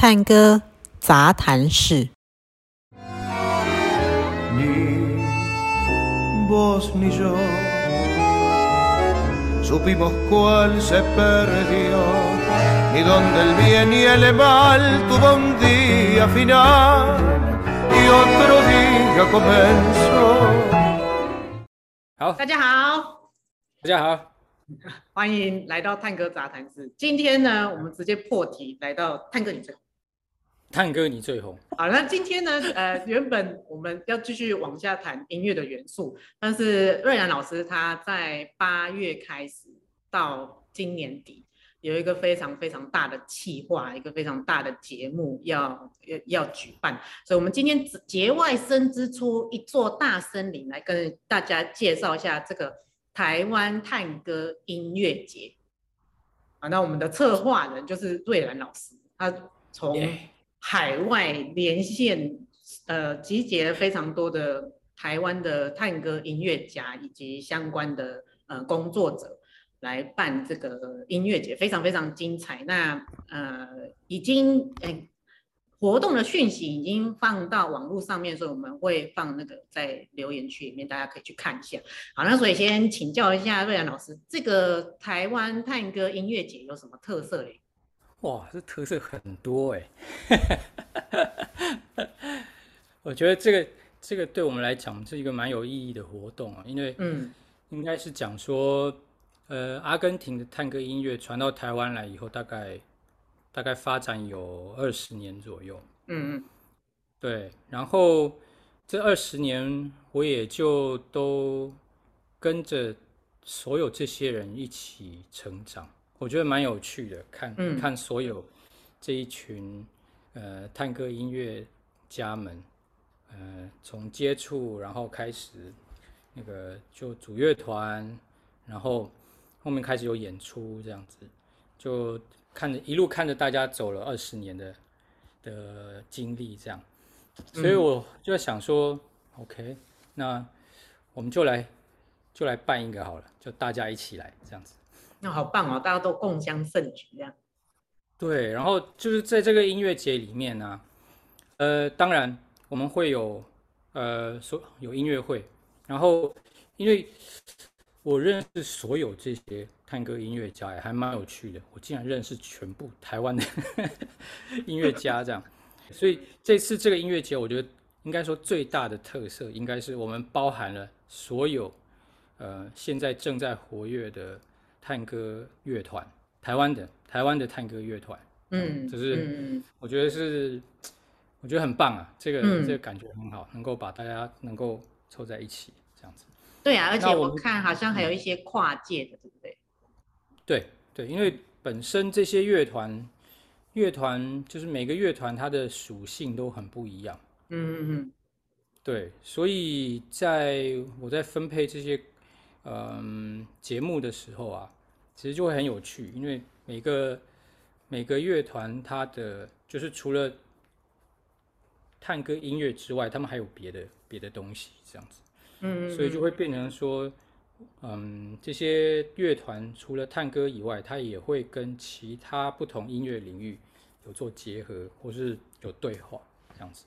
探戈雜談室。好，大家好，大家好，歡迎來到探戈雜談室。今天呢，我們直接破題，來到探戈女神。探戈你最紅 好，那今天呢？呃，原本我們要繼續往下談音樂的元素，但是睿然老師他在八月開始到今年底有一個非常非常大的企劃，一個非常大的節目要要要舉辦，所以我們今天節外生枝出一座大森林來跟大家介紹一下這個台灣探戈音樂節。啊，那我們的策劃人就是睿然老師，他從海外連線，呃，集結了非常多的台灣的探戈音樂家以及相關的呃工作者來辦這個音樂節，非常非常精彩。那呃，已經哎活動的訊息已經放到網絡上面，所以我們會放那個在留言區裡面，大家可以去看一下。好，那所以先請教一下睿然老師，這個台灣探戈音樂節有什麼特色嘞？哇，這特色很多哎、欸！ 我覺得這個這個對我們來講是一個蠻有意義的活動啊，因為嗯，應該是講說、嗯，呃，阿根廷的探戈音樂傳到台灣來以後，大概大概發展有二十年左右。嗯嗯，對，然後這二十年我也就都跟着所有這些人一起成長。我覺得蠻有趣的，看看所有這一群呃探戈音樂家們，呃，從接觸然後開始那個就組樂團，然後後面開始有演出這樣子，就看着一路看着大家走了二十年的的經歷這樣，所以我就在想說、嗯、，OK，那我們就來就來辦一個好了，就大家一起來這樣子。那好棒哦！大家都共襄盛舉這樣啊。對，然後就是在這個音樂節裡面呢、啊，呃，當然我們會有呃所有音樂會，然後因為我認識所有這些探戈音樂家也還蠻有趣的，我竟然認識全部台灣的呵呵音樂家這樣。 所以這次這個音樂節，我覺得應該說最大的特色應該是我們包含了所有呃現在正在活躍的。探戈樂團，台灣的台灣的探戈樂團，嗯，就是我覺得是、嗯、我覺得很棒啊，這個、嗯、這個感覺很好，能夠把大家能夠湊在一起這樣子。對啊，而且我看好像還有一些跨界的，對不、嗯、對？對對，因為本身這些樂團樂團就是每個樂團它的屬性都很不一樣，嗯嗯嗯，對，所以在我在分配這些嗯節目的時候啊。其實就會很有趣，因為每個每個樂團，它的就是除了探戈音樂之外，他們還有別的別的東西這樣子。嗯，所以就會變成說，嗯，這些樂團除了探戈以外，它也會跟其他不同音樂領域有做結合，或是有對話這樣子。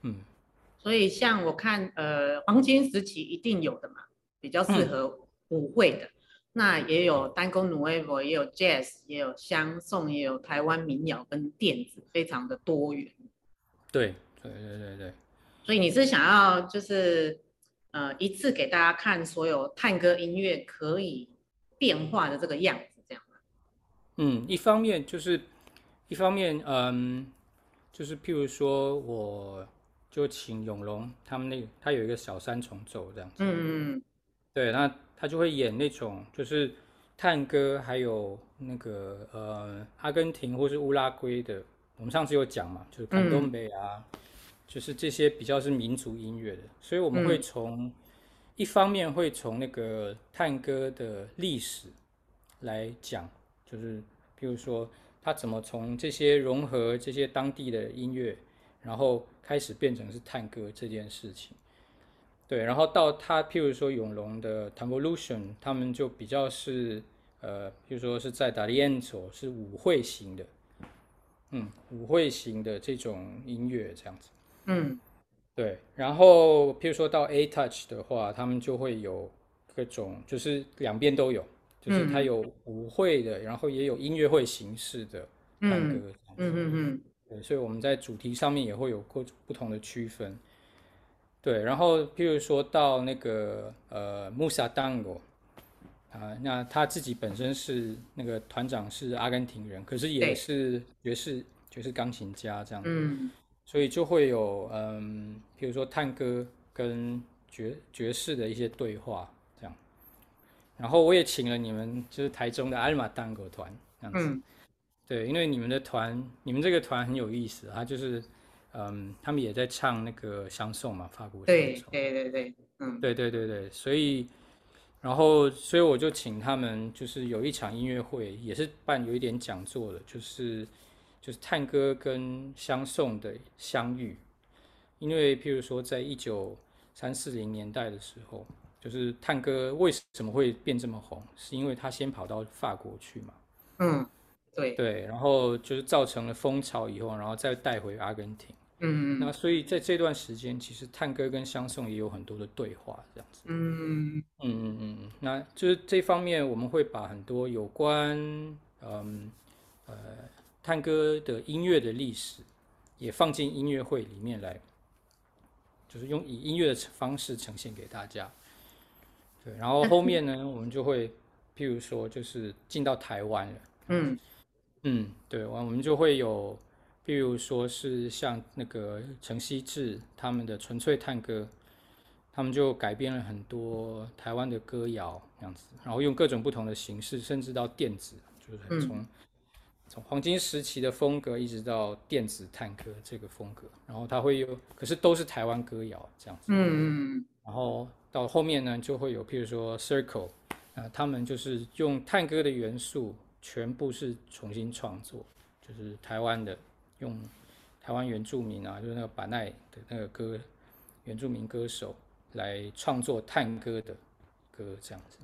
嗯，所以像我看，呃，黃金時期一定有的嘛，比較適合舞會的。嗯那也有探戈努埃沃，也有 jazz，也有香頌，也有台灣民謠跟電子，非常的多元。對，對，對，對，對。所以你是想要就是呃，一次給大家看所有探戈音樂可以變化的這個樣子，這樣嗎？嗯，一方面就是，一方面，嗯，就是譬如說，我就請詠隆他們那，他有一個小三重奏這樣子。嗯嗯嗯。對，那。他就會演那種，就是探戈，還有那個呃，阿根廷或是烏拉圭的。我們上次有講嘛，就是看東北啊、嗯，就是這些比較是民族音樂的。所以我們會從、嗯、一方面會從那個探戈的歷史來講，就是比如說他怎麼從這些融合這些當地的音樂，然後開始變成是探戈這件事情。對，然後到他，譬如說詠隆的 Tanvolution 他們就比較是呃，譬如說是在 Darienzo 是舞會型的，嗯，舞會型的這種音樂這樣子。嗯，對。然後譬如說到 A Touch 的話，他們就會有各種，就是兩邊都有，嗯、就是它有舞會的，然後也有音樂會形式的嗯嗯嗯。對，所以我們在主題上面也會有各種不同的區分。對，然後譬如說到那個呃，Musa Tango 啊，那他自己本身是那個團長是阿根廷人，可是也是爵士、欸、爵士鋼琴家這樣、嗯，所以就會有嗯，譬如說探戈跟爵爵士的一些對話這樣，然後我也請了你們就是台中的 Alma Tango 團這樣子、嗯，對，因為你們的團你們這個團很有意思啊，就是。嗯，um，他們也在唱那個香頌嘛，法國香頌。對對對對，嗯，對對對對，所以，然後所以我就請他們，就是有一場音樂會，也是辦有一點講座的，就是就是探戈跟香頌的相遇。因為譬如說，在一九三四零年代的時候，就是探戈為什麼會變這麼紅，是因為他先跑到法國去嘛？嗯，對對，然後就是造成了風潮以後，然後再帶回阿根廷。嗯，那所以在這段時間，其實探戈跟香頌、嗯、也有很多的對話，這樣子。嗯嗯嗯嗯，那就是這方面，我們會把很多有關嗯呃探戈的音樂的歷史，也放進音樂會裡面來，就是用以音樂的方式呈現給大家。對，然後後面呢， 我們就會譬如說，就是進到台灣了。嗯嗯，對，我們就會有。譬如說是像那個陳希治他們的純粹探戈，他們就改編了很多台灣的歌謠這樣子，然後用各種不同的形式，甚至到電子，就是從從黃金時期的風格一直到電子探戈這個風格，然後他會有，可是都是台灣歌謠這樣子。嗯嗯嗯。然後到後面呢，就會有譬如說 Circo，啊，他們就是用探戈的元素，全部是重新創作，就是台灣的。用台灣原住民啊，就是那個巴奈的那個歌，原住民歌手來創作探戈的歌，這樣子。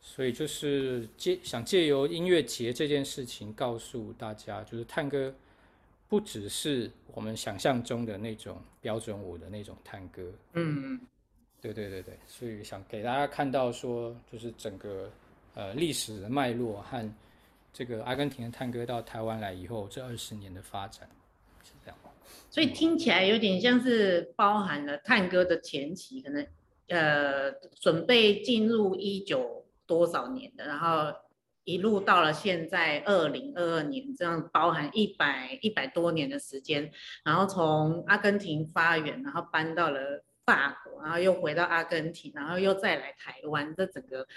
所以就是借想借由音樂節這件事情告訴大家，就是探戈不只是我們想象中的那種標準舞的那種探戈。嗯嗯，對對對對，所以想給大家看到說，就是整個呃歷史的脈絡和。這個阿根廷的探戈到台灣來以後，這二十年的發展是這樣，所以聽起來有點像是包含了探戈的前期，可能呃準備進入一九多少年的，然後一路到了現在二零二二年，這樣包含一百一百多年的時間，然後從阿根廷發源，然後搬到了法國，然後又回到阿根廷，然後又再來台灣，這整個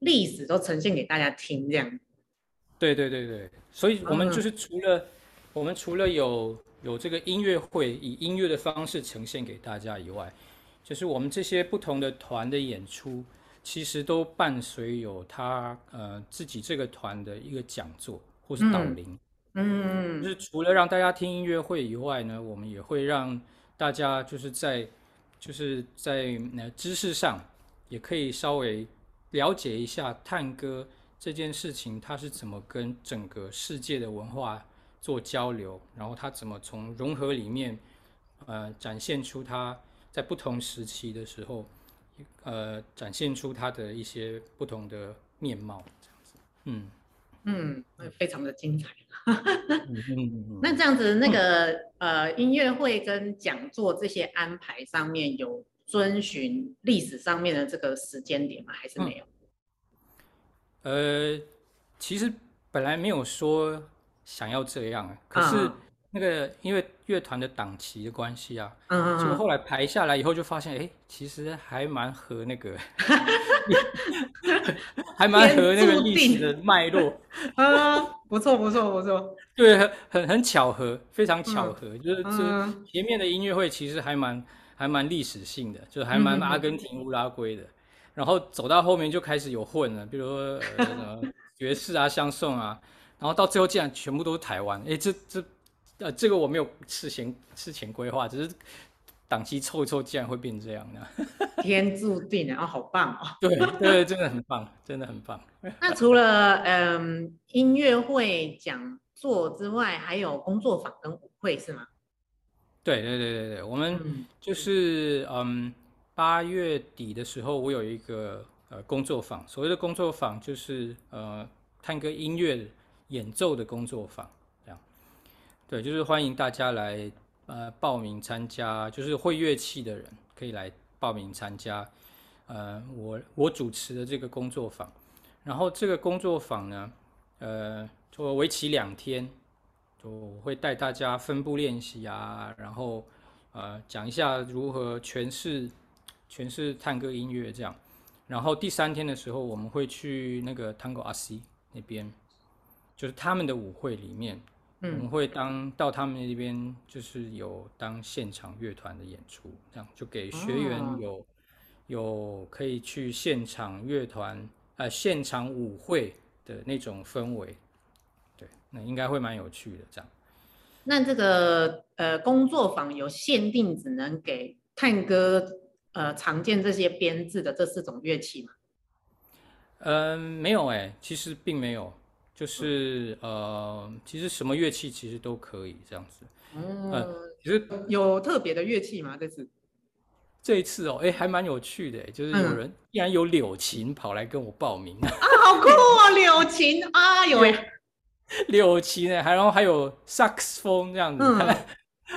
歷史都呈現給大家聽這樣。對對對對，所以我們就是除了、嗯、我們除了有有這個音樂會以音樂的方式呈現給大家以外，就是我們這些不同的團的演出，其實都伴隨有他呃自己這個團的一個講座或是導聆、嗯，嗯，就是除了讓大家聽音樂會以外呢，我們也會讓大家就是在就是在那、呃、知識上也可以稍微了解一下探戈。這件事情它是怎麼跟整個世界的文化做交流？然後它怎麼從融合裡面，呃，展現出它在不同時期的時候，呃，展現出它的一些不同的面貌，這樣子。嗯嗯，非常的精彩。嗯、 那這樣子，那個、嗯、呃，音樂會跟講座這些安排上面有遵循歷史上面的這個時間點嗎？還是沒有？嗯呃，其實本來沒有說想要這樣，可是那個因為樂團的檔期的關係啊，嗯嗯，後來排下來以後就發現，誒、嗯欸，其實還蠻合那個， 還蠻合那個歷史的脈絡啊、嗯嗯，不錯不錯不錯，對，很很很巧合，非常巧合，嗯、就是這前面的音樂會其實還蠻還蠻歷史性的，就還蠻阿根廷、嗯、烏拉圭的。然後走到後面就開始有混了，比如說、呃、什麼爵士啊、香頌啊，然後到最後竟然全部都是台灣。哎，這這，呃，這個我沒有事先事先規劃，只是檔期湊一湊，竟然會變成這樣的。天注定啊、 哦，好棒哦！對對，對，真的很棒， 真的很棒。那除了嗯音樂會、講座之外，還有工作坊跟舞會是嗎？對對對對對，我們就是嗯。嗯八月底的時候，我有一個呃工作坊。所謂的工作坊就是呃探戈音樂演奏的工作坊，這樣對，就是歡迎大家來呃報名參加，就是會樂器的人可以來報名參加。呃，我我主持的這個工作坊，然後這個工作坊呢，呃，就為期兩天，就我會帶大家分步練習呀、啊，然後呃講一下如何詮釋。全是探戈音樂這樣，然後第三天的時候，我們會去那個探戈阿西那邊，就是他們的舞會裡面，嗯、我們會當到他們那邊，就是有當現場樂團的演出，這樣，就給學員有、哦、有，有可以去現場樂團呃，現場舞會的那種氛圍，對，那應該會蠻有趣的這樣。那這個呃工作坊有限定，只能給探戈。呃，常見這些編製的這四種樂器嗎？嗯、呃，沒有哎、欸，其實並沒有，就是、嗯、呃，其實什麼樂器其實都可以這樣子。嗯，其、呃、實、就是、有特別的樂器嗎？這次？這一次哦，哎，還蠻有趣的、欸，就是有人、嗯、依然有柳琴跑來跟我報名、嗯、 啊，好酷啊、哦，柳琴啊，有、哎、柳琴呢、欸？還然後還有薩克斯風這樣子，嗯、還蠻，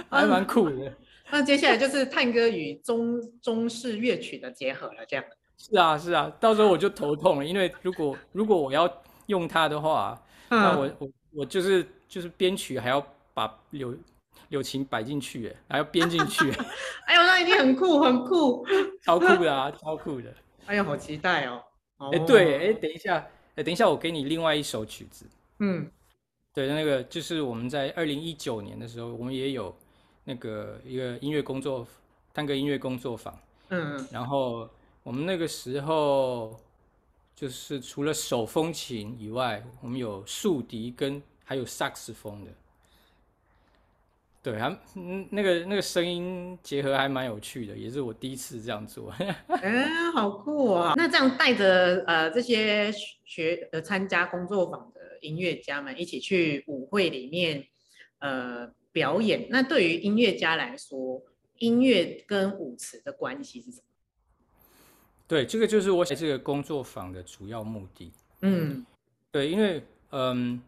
還蠻酷的。嗯啊 那接下來就是探戈與中中式樂曲的結合了，這樣。是啊，是啊，到時候我就頭痛了， 因為如果如果我要用它的話， 那我我我就是就是編曲還要把柳柳琴擺進去，還要編進去。 哎呦，那一定很酷，很酷， 超酷的、啊，超酷的。 哎呀，好期待哦！哎、Oh.，對，哎、欸，等一下，哎、欸，等一下，我給你另外一首曲子。 嗯，對，那個就是我們在二零一九年的時候，我們也有。那個一個音樂工作、探戈音樂工作坊，嗯，然後我們那個時候就是除了手風琴以外，我們有豎笛跟還有薩克斯風的，對，還那個那個聲音結合還蠻有趣的，也是我第一次這樣做。哎 呃，好酷啊，哦！那這樣帶着呃這些學呃參加工作坊的音樂家們一起去舞會裡面，呃。表演，那對於音樂家來說，音樂跟舞池的關係是什麼？對，這個就是我想這個工作坊的主要目的。嗯，對，因為嗯，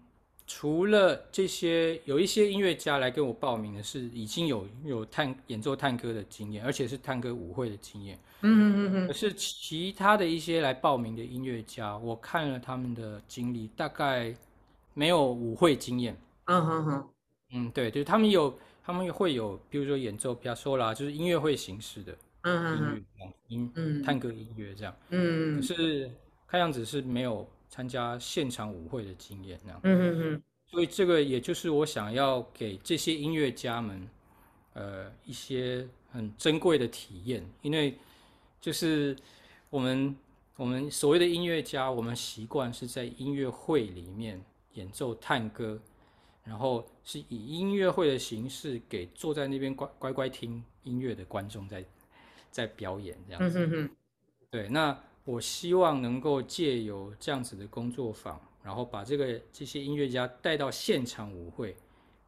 除了這些，有一些音樂家來跟我報名的是已經有有探演奏探戈的經驗，而且是探戈舞會的經驗。嗯嗯嗯嗯。可是其他的一些來報名的音樂家，我看了他們的經歷，大概沒有舞會經驗。嗯哼哼。嗯嗯嗯，對就是他們有，他們會有，比如說演奏，比如說，說啦，就是音樂會形式的，嗯嗯，音樂，嗯，嗯，探戈音樂這樣，嗯、uh -huh. 可是看樣子是沒有參加現場舞會的經驗，這樣，嗯嗯嗯，所以這個也就是我想要給這些音樂家們，呃，一些很珍貴的體驗，因為就是我們我們所謂的音樂家，我們習慣是在音樂會裡面演奏探戈。然後是以音樂會的形式給坐在那邊乖乖乖聽音樂的觀眾在在表演這樣子。對，那我希望能夠借由這樣子的工作坊，然後把這個這些音樂家帶到現場舞會，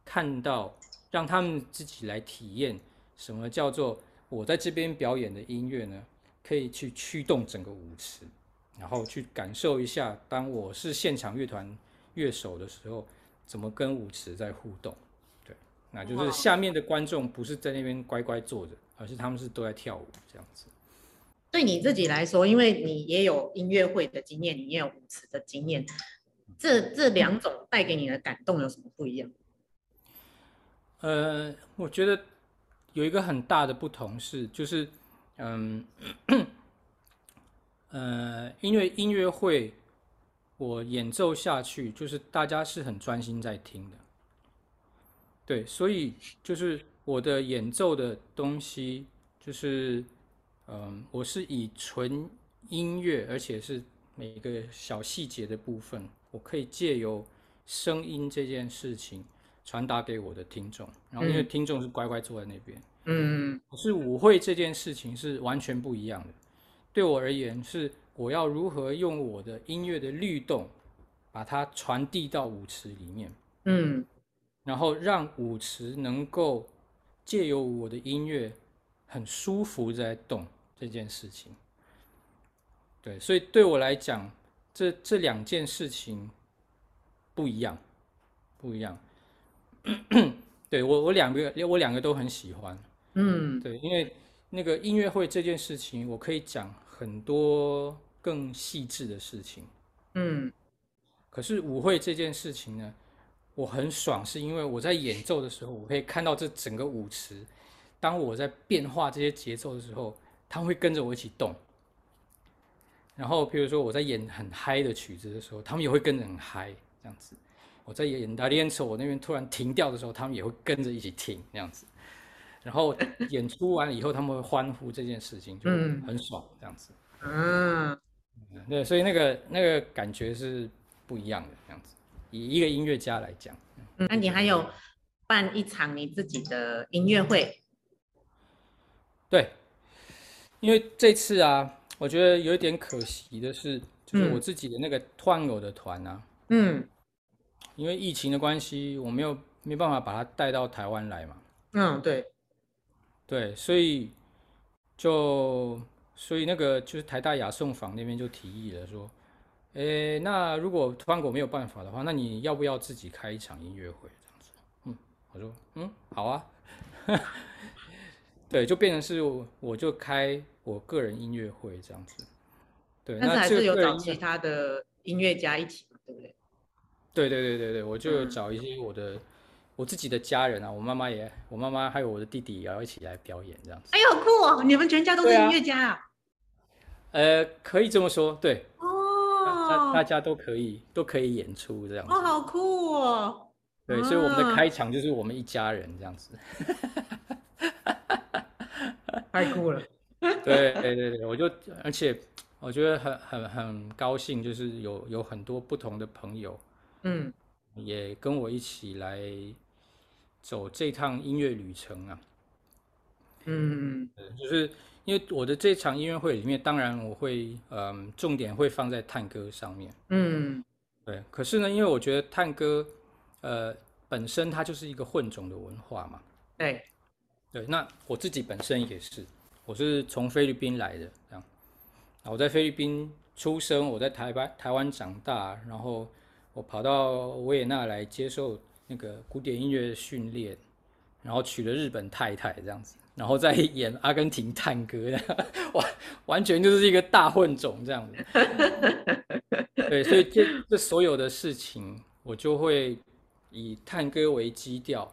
看到讓他們自己來體驗什麼叫做我在這邊表演的音樂呢？可以去驅動整個舞池，然後去感受一下，當我是現場樂團樂手的時候。怎麼跟舞池在互動？對，那就是下面的觀眾不是在那邊乖乖坐着，而是他們是都在跳舞這樣子。對你自己來說，因為你也有音樂會的經驗，你也有舞池的經驗，這這兩種帶給你的感動有什麼不一樣？嗯， 呃，我覺得有一個很大的不同是，就是嗯， 呃，因為音樂會。我演奏下去，就是大家是很專心在聽的，對，所以就是我的演奏的東西，就是嗯、呃，我是以純音樂，而且是每個小細節的部分，我可以借由聲音這件事情傳達給我的聽眾。然後因為聽眾是乖乖坐在那邊，嗯，可是舞會這件事情是完全不一樣的，對我而言是。我要如何用我的音樂的律動，把它傳遞到舞池裡面，嗯，然後讓舞池能夠借由我的音樂很舒服在動這件事情，對，所以對我來講，這這兩件事情不一樣，不一樣。 對，我我兩個我兩個都很喜歡，嗯，對，因為那個音樂會這件事情，我可以講。很多更細緻的事情，嗯，可是舞會這件事情呢，我很爽，是因為我在演奏的時候，我可以看到這整個舞池。當我在變化這些節奏的時候，他們會跟着我一起動。然後，比如說我在演很嗨的曲子的時候，他們也會跟着很嗨這樣子。我在演 D'Arienzo 我那邊突然停掉的時候，他們也會跟着一起停這樣子。 然後演出完了以後，他們會歡呼這件事情，就很爽這樣子嗯。嗯、啊，對，所以那個那個感覺是不一樣的這樣子。以一個音樂家來講，嗯，那、啊、你還有辦一場你自己的音樂會？嗯、對，因為這次啊，我覺得有一點可惜的是，就是我自己的那個團友的團啊，嗯，因為疫情的關係，我沒有沒辦法把他帶到台灣來嘛。嗯，對。對，所以就所以那個就是台大雅頌坊那邊就提議了說，誒，那如果 Twango 沒有辦法的話，那你要不要自己開一場音樂會這樣子？嗯，我說嗯好啊， 對，就變成是我就開我個人音樂會這樣子。對，但是那還是有找其他的音樂、音、樂音樂家一起，對不對？對對對對對，我就找一些我的。嗯我自己的家人啊，我媽媽也，我媽媽還有我的弟弟也要一起來表演這樣子。哎呦，好酷哦！你們全家都是音樂家啊？呃，可以這麼說，對。哦，oh. 大家都可以都可以演出這樣子。Oh, 好酷哦！對，oh. 所以我們的開場就是我們一家人這樣子。 太酷了 對。對對對對，我就而且我覺得很很很高興，就是有有很多不同的朋友，嗯，也跟我一起來。走這趟音樂旅程啊，嗯，就是因為我的這場音樂會裡面，當然我會嗯、呃、重點會放在探戈上面，嗯，對。可是呢，因為我覺得探戈，呃，本身它就是一個混種的文化嘛，欸，對，對。那我自己本身也是，我是從菲律賓來的，這樣。啊，我在菲律賓出生，我在台灣台灣長大，然後我跑到維也納來接受那個古典音樂訓練，然後娶了日本太太這樣子，然後再演阿根廷探戈，完完全就是一個大混種這樣子。 對，所以這這所有的事情，我就會以探戈為基調，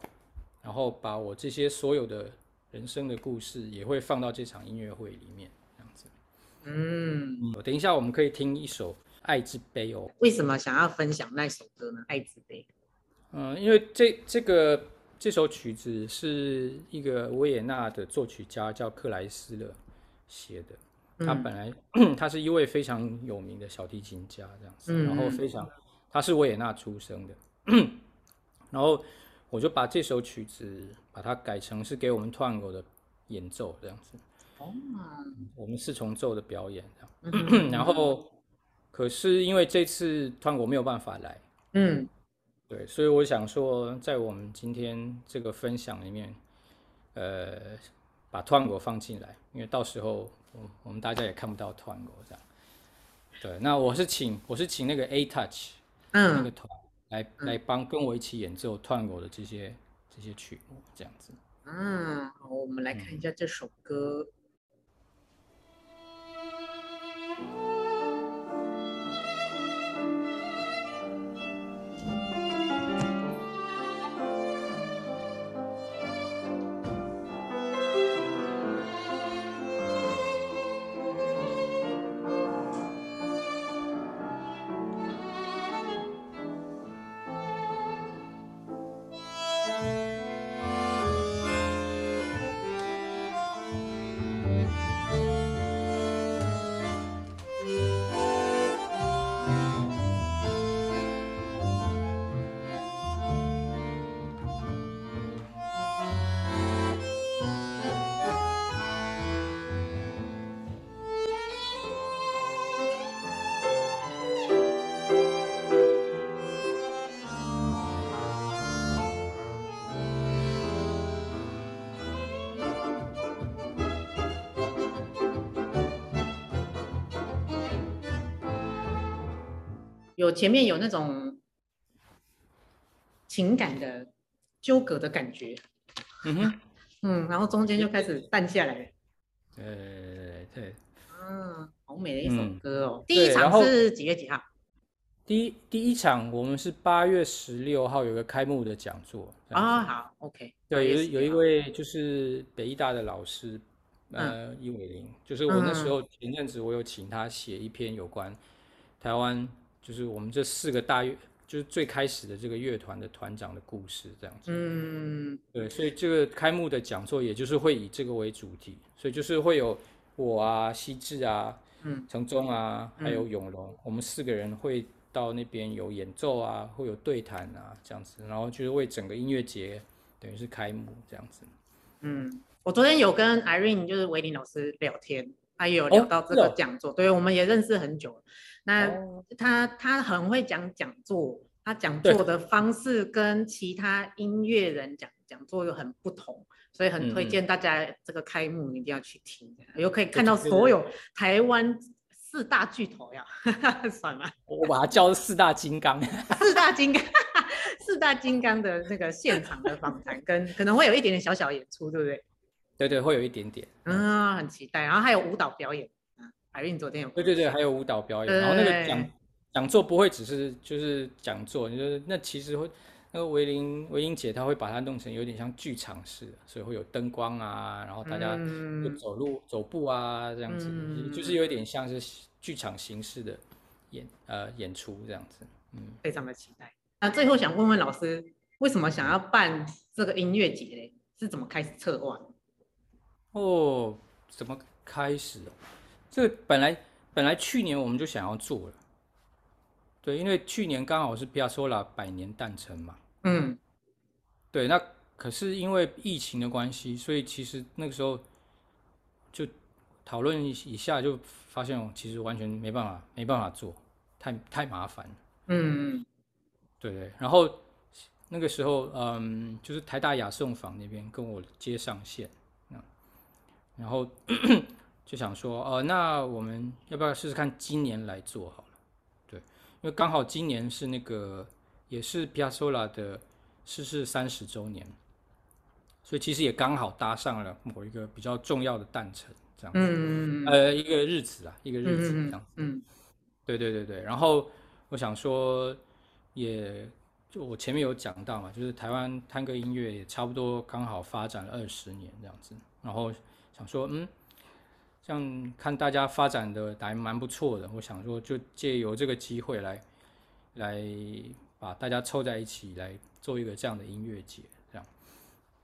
然後把我這些所有的人生的故事也會放到這場音樂會裡面這樣子。嗯，我等一下我們可以聽一首《愛之悲》哦。為什麼想要分享那首歌呢？《愛之悲》。嗯，因為這這個這首曲子是一個維也納的作曲家叫克萊斯勒寫的。他本來、嗯、他是一位非常有名的小提琴家，這樣子、嗯。然後非常，他是維也納出生的。 然後我就把這首曲子把它改成是給我們 Twango 的演奏，這樣子。哦、我們四重奏的表演這樣， 然後可是因為這次 Twango 沒有辦法來。嗯。對，所以我想說，在我們今天這個分享裡面，呃，把探戈放進來，因為到時候我們我們大家也看不到探戈這樣。對，那我是請我是請那個 A Touch，嗯，那個團來、嗯、來，來幫跟我一起演奏探戈的這些這些曲目這樣子。嗯、啊，好，我們來看一下這首歌。嗯有前面有那種情感的糾葛的感覺，嗯哼， 嗯，然後中間就開始淡下來了，呃，對，嗯、啊，好美的一首歌哦、嗯，第一場是幾月幾號？第一第一場我們是八月十六號有個開幕的講座啊、哦，好，OK，對，有有一位就是北藝大的老師，嗯、呃，伊偉玲，就是我那時候前陣子我有請他寫一篇有關台灣。就是我們這四個大樂，就是最開始的這個樂團的團長的故事這樣子。嗯，對，所以這個開幕的講座也就是會以這個為主題，所以就是會有我啊、西志啊、嗯、程鍾啊、嗯，還有詠隆、嗯，我們四個人會到那邊有演奏啊，會有對談啊這樣子，然後就是為整個音樂節等於是開幕這樣子。嗯，我昨天有跟 Irene，就是維琳老師聊天。他也有聊到這個講座。哦哦，對，我們也認識很久了。那他，哦、他很會講講座，他講座的方式跟其他音樂人講講座又很不同，所以很推薦大家這個開幕一定要去聽，又，嗯、可以看到所有台灣四大巨頭呀， 算了，我把它叫四大金剛， 四大金剛， 四大金剛的那個現場的訪談 跟可能會有一點點小小演出，對不對？對對，會有一點點嗯，嗯，很期待。然後還有舞蹈表演，海韻昨天有。對對對、嗯，還有舞蹈表演。對對，然後那個講講座不會只是就是講座，你說那其實會那個維林維英姐她會把它弄成有點像劇場式的，所以會有燈光啊，然後大家就走路、嗯、走步啊這樣子、嗯，就是有點像是劇場形式的演呃演出這樣子，嗯，非常的期待。那最後想問問老師，為什麼想要辦這個音樂節嘞？是怎麼開始策劃的？哦，怎麼開始？這本來本來去年我們就想要做了，對，因為去年剛好是皮亞佐拉百年誕辰嘛。嗯，對，那可是因為疫情的關係，所以其實那個時候就討論一下，就發現我其實完全沒辦法，沒辦法做，太太麻煩。嗯嗯，對對。然後那個時候，嗯，就是台大雅頌坊那邊跟我接上線。然後就想說，呃，那我們要不要試試看今年來做好了？對，因為剛好今年是那個也是皮亞佐拉的逝世三十周年，所以其實也剛好搭上了某一個比較重要的誕辰，這樣子嗯嗯嗯。呃，一個日子啊，一個日子這樣子。嗯,嗯,嗯，對對對對。然後我想說也，也就我前面有講到嘛，就是台灣探戈音樂也差不多剛好發展了二十年這樣子，然後。說嗯，這樣看大家發展的還蠻不錯的，我想說就借由這個機會來，來把大家湊在一起來做一個這樣的音樂節，這樣，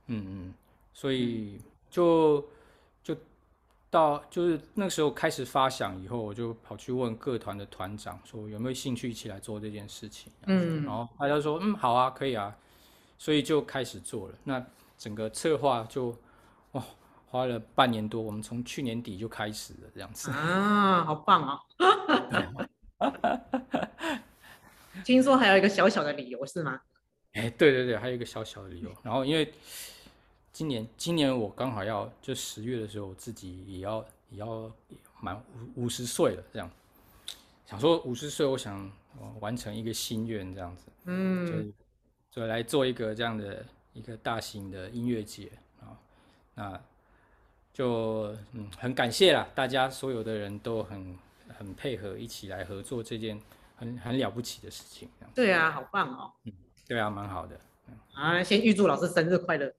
嗯，所以就就到就是那個時候開始發想以後，我就跑去問各團的團長說有沒有興趣一起來做這件事情，嗯,嗯，然後大家說嗯好啊，可以啊，所以就開始做了，那整個策劃就哦。花了半年多，我們從去年底就開始了這樣子啊，好棒啊、哦！ 聽說還有一個小小的理由是嗎？哎、欸，對對對，還有一個小小的理由。嗯、然後因為今年，今年我剛好要就十月的時候，我自己也要也要滿五五十歲了，這樣想說五十歲，我想我完成一個心願，這樣子，嗯，就就來做一個這樣的一個大型的音樂節啊，那。就嗯，很感謝啦，大家所有的人都很很配合，一起來合作這件很很了不起的事情。對啊，對。好棒哦、喔。嗯。對啊，蠻好的。啊，先預祝老師生日快樂。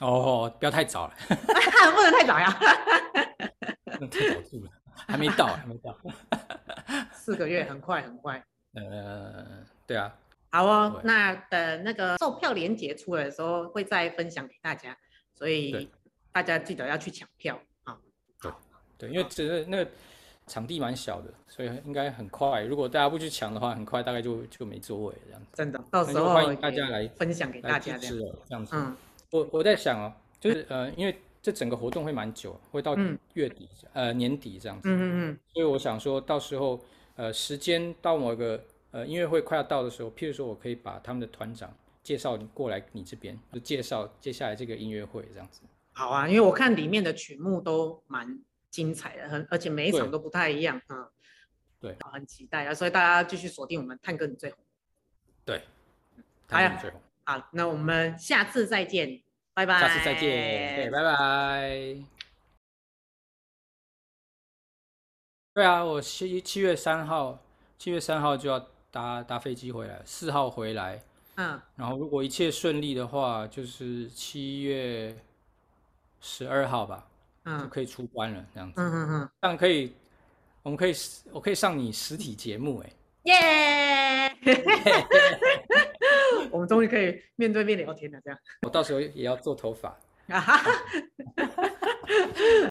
哦，不要太早了。 不能太早呀。 太早祝了，還沒到，還沒到。 四個月，很快很快。呃，對啊。好哦，那等那個售票連結出來的時候，會再分享給大家。所以。大家記得要去搶票啊！對、嗯、對、嗯，因為只是那個場地蠻小的，所以應該很快。如果大家不去搶的話，很快大概就就沒座位這樣子。真的，到時候歡迎大家來分享給大家是。這樣子。嗯、我我在想哦，就是呃，因為這整個活動會蠻久，會到月底、嗯、呃年底這樣子。嗯嗯。所以我想說到時候呃時間到某個呃音樂會快要到的時候，譬如說我可以把他們的團長介紹過來你這邊，就介紹接下來這個音樂會這樣子。好啊，因為我看裡面的曲目都蠻精彩的，很而且每一場都不太一樣，嗯，對，很期待啊，所以大家繼續鎖定我們探戈你最紅的，對，探戈你最紅。好啊。好，那我們下次再見，拜拜。下次再見，拜拜。對，拜拜對啊，我七七月三號，七月三號就要搭搭飛機回來，四號回來，嗯，然後如果一切順利的話，就是七月。十二號吧，嗯，就可以出關了，這樣子。嗯嗯嗯，這樣可以，我們可以，我可以上你實體節目，欸，耶！我們終於可以面對面聊天了，這樣。我到時候也要做頭髮。啊哈！哈。